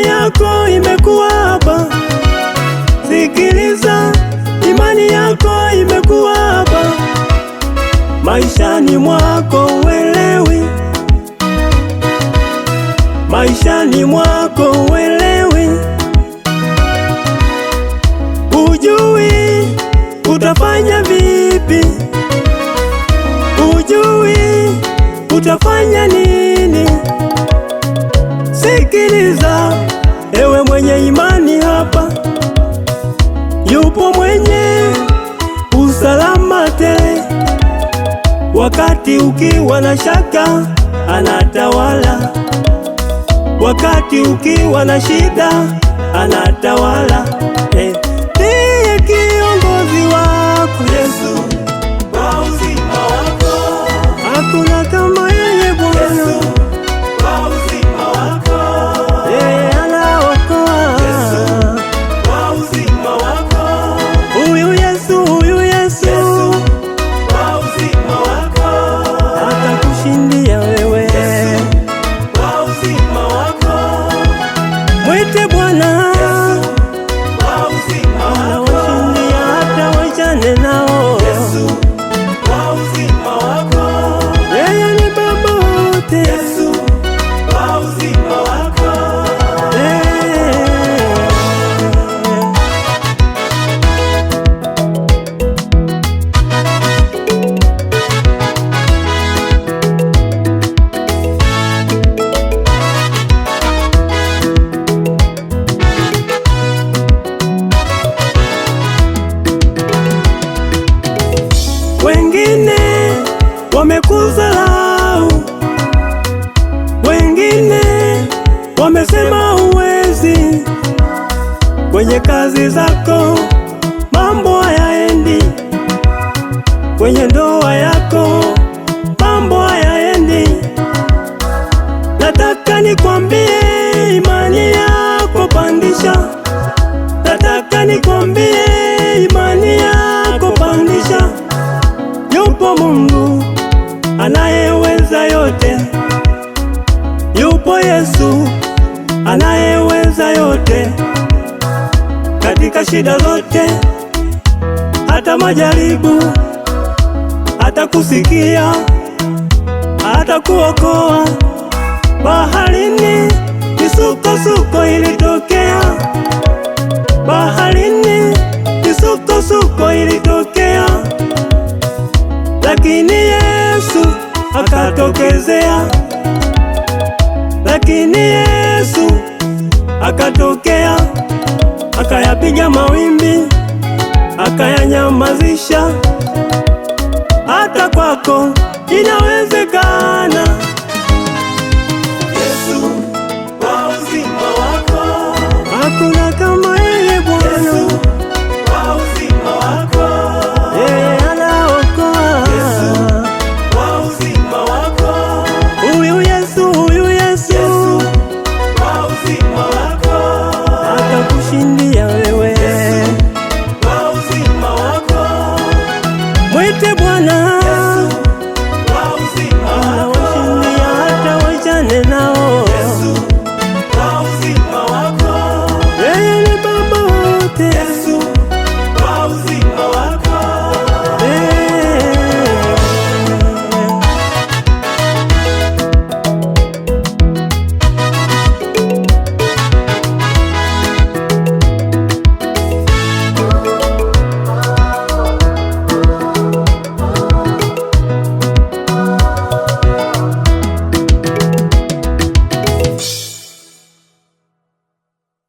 imani yako hapa. Sikiliza, imani yako imekuwa imekuwaba. Maishani mwako uelewi, maishani mwako uelewi, ujui utafanya vipi, ujui utafanya nini. Sikiliza ewe mwenye imani, hapa yupo mwenye usalama tele. Wakati ukiwa na shaka anatawala, wakati ukiwa na shida anatawala Yesu wa uzima wako wengine wamekuza shughuli zako, mambo hayaendi. Kwenye ndoa yako, mambo hayaendi. Nataka nikwambie, imani yako pandisha. Nataka nikwambie, imani yako pandisha. Yupo Mungu anayeweza yote, yupo Yesu anayeweza yote katika shida zote, hata majaribu, hata kusikia, hata kuokoa. Baharini kisukosuko ilitokea, baharini kisukosuko ilitokea, lakini Yesu akatokezea, lakini Yesu akatokea Akayapiga mawimbi akayanyamazisha, hata kwako inawezekana.